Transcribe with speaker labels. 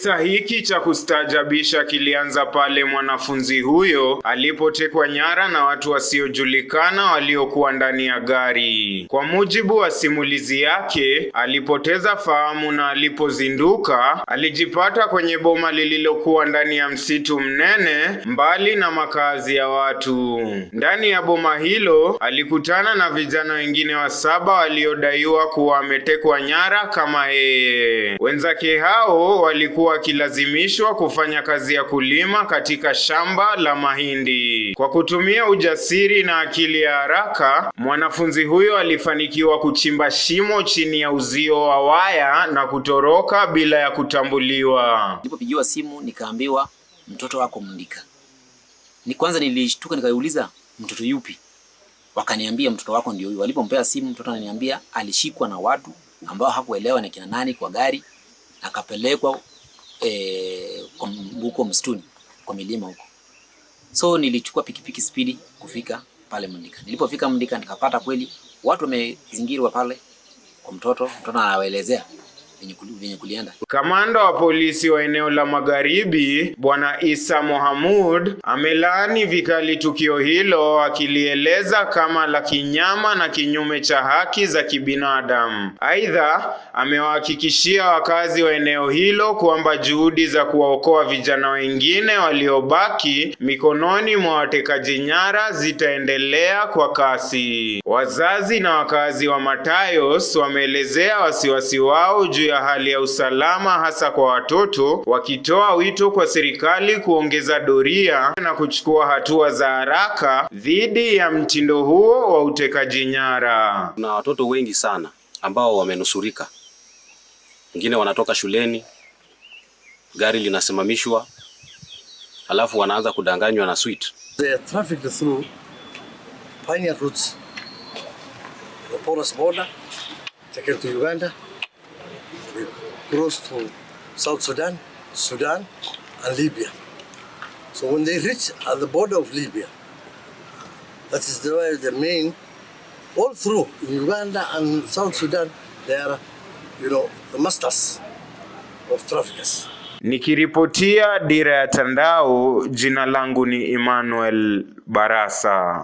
Speaker 1: Kisa hiki cha kustaajabisha kilianza pale mwanafunzi huyo alipotekwa nyara na watu wasiojulikana waliokuwa ndani ya gari. Kwa mujibu wa simulizi yake, alipoteza fahamu na alipozinduka alijipata kwenye boma lililokuwa ndani ya msitu mnene, mbali na makazi ya watu. Ndani ya boma hilo alikutana na vijana wengine wa saba waliodaiwa kuwa wametekwa nyara kama yeye. Wenzake hao walikuwa walikuwa akilazimishwa kufanya kazi ya kulima katika shamba la mahindi. Kwa kutumia ujasiri na akili ya haraka, mwanafunzi huyo alifanikiwa kuchimba shimo chini ya uzio wa waya na kutoroka bila ya kutambuliwa.
Speaker 2: Nilipopigiwa simu nikaambiwa mtoto wako Mndika. Ni kwanza nilishtuka nikauliza mtoto yupi? Wakaniambia mtoto wako ndio huyo. Walipompea simu mtoto ananiambia alishikwa na watu ambao hakuelewa ni kina nani kwa gari akapelekwa eh, huko msituni kwa milima huko. So nilichukua pikipiki spidi kufika pale Mndika. Nilipofika Mndika nikapata kweli watu wamezingirwa pale kwa mtoto, mtoto anawaelezea
Speaker 1: Kamanda wa polisi wa eneo la Magharibi Bwana Isa Mohamud amelaani vikali tukio hilo akilieleza kama la kinyama na kinyume cha haki za kibinadamu. Aidha, amewahakikishia wakazi wa eneo hilo kwamba juhudi za kuwaokoa vijana wengine waliobaki mikononi mwa watekaji nyara zitaendelea kwa kasi. Wazazi na wakazi wa Matayos wameelezea wasiwasi wao juu juu ya hali ya usalama hasa kwa watoto, wakitoa wito kwa serikali kuongeza doria na kuchukua hatua za haraka dhidi ya mtindo huo wa utekaji nyara.
Speaker 2: Kuna watoto wengi sana ambao wamenusurika, wengine wanatoka shuleni, gari linasimamishwa, alafu wanaanza kudanganywa na sweet.
Speaker 3: The traffic through Pioneer routes, the porous border, taken to Uganda goes to South Sudan, Sudan, and Libya. So when they reach at the border of Libya, that is the way the main, all through in Uganda and South Sudan, they are, you know, the masters of traffickers.
Speaker 1: Nikiripotia Dira ya Tandao, jina langu ni Emmanuel Barasa.